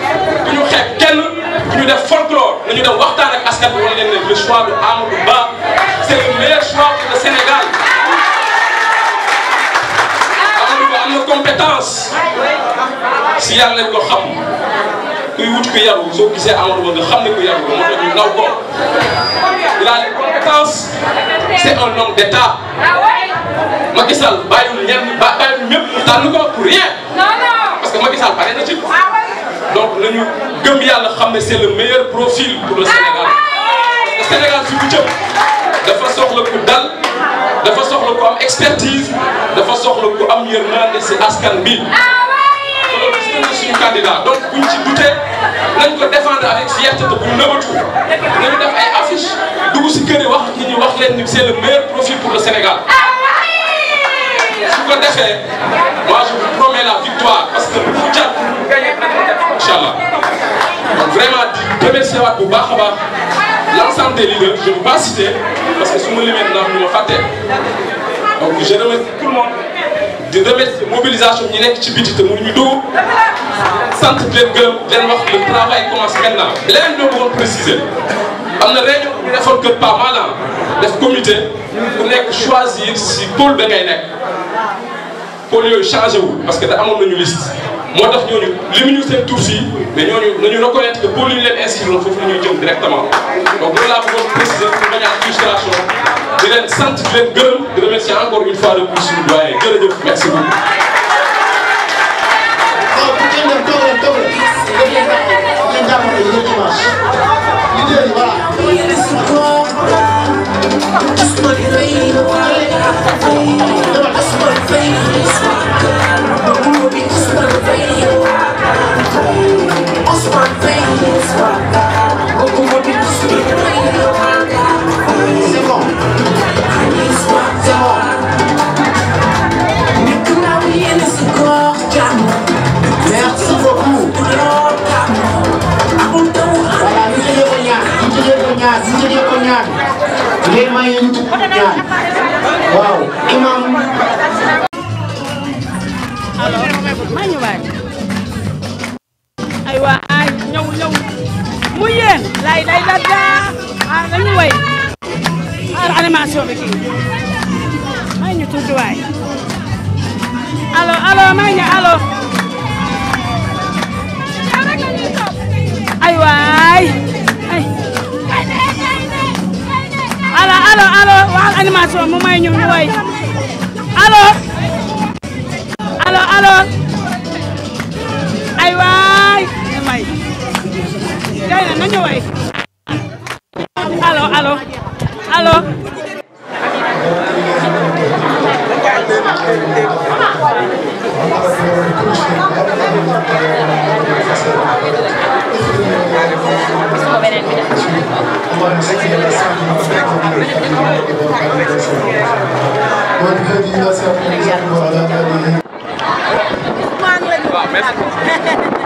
ñu def folklore ñu def waxtaan ak askan bi wala leen ne le choix de Amadou Ba c' est le meilleur choix pour le Sénégal Amadou Ba am na compétence si yar ko xam kuy wut ku yaru soo gisee Amadou Ba nga xam ne ko yaru moo tax ñu ko il a les compétences c' est un homme d' état Macky Sall bàyyiwul ñenn bàyyiwul ñëpp ñu tànn ko pour rien parce que Macky Sall pare na ci. Ah donc nous gëm yàlla c'est le meilleur profil pour le Sénégal Le Sénégal c'est Le jëm dafa le ku dal dafa soxla le am expertise dafa façon le am yërmande c'est askan bi C'est gis candidat donc buñ ci dute nañ ko défendre avec fierté nous buñ nëbatu nañu def ay affiche dugg si kër que wax nit ñi wax c'est le meilleur profil pour le Sénégal su ko defee moi je vous promets la victoire parce que lu mu vraiment je remercier l'ensemble des leaders je ne vais pas citer parce que si maintenant, donc je remercie tout le monde de mobilisation ñi est ci le travail commence maintenant. l'un de préciser On réunion que pas mal, Les comité choisir si Paul le pôle yooyu changé parce que da amoon nañu liste moo tax ñooñu limuñu seen tour si mais ñooñu nañu reconnaître que pôle yi ñu leen inscrire foofu la ñuy jëm directement donc loolu laa bëggoon préciser pour bañ a am frustration di leen sant di leen gërëm di remercier encore une fois de plus suñu doyen jërëjëf merci beaucoup Yan. Wow. Imam. Aywa, ay, nhau nhau. Muy bien. Lai lai la da. Ah, la nueva. Ah, animación aquí. Ay, no tú que vai. Aló, aló, maña, aló. allo allo waxal animation mu may ñu way allo allo allo ay waay may day na nañu way allo allo allo beneen bi daal. waaw merci.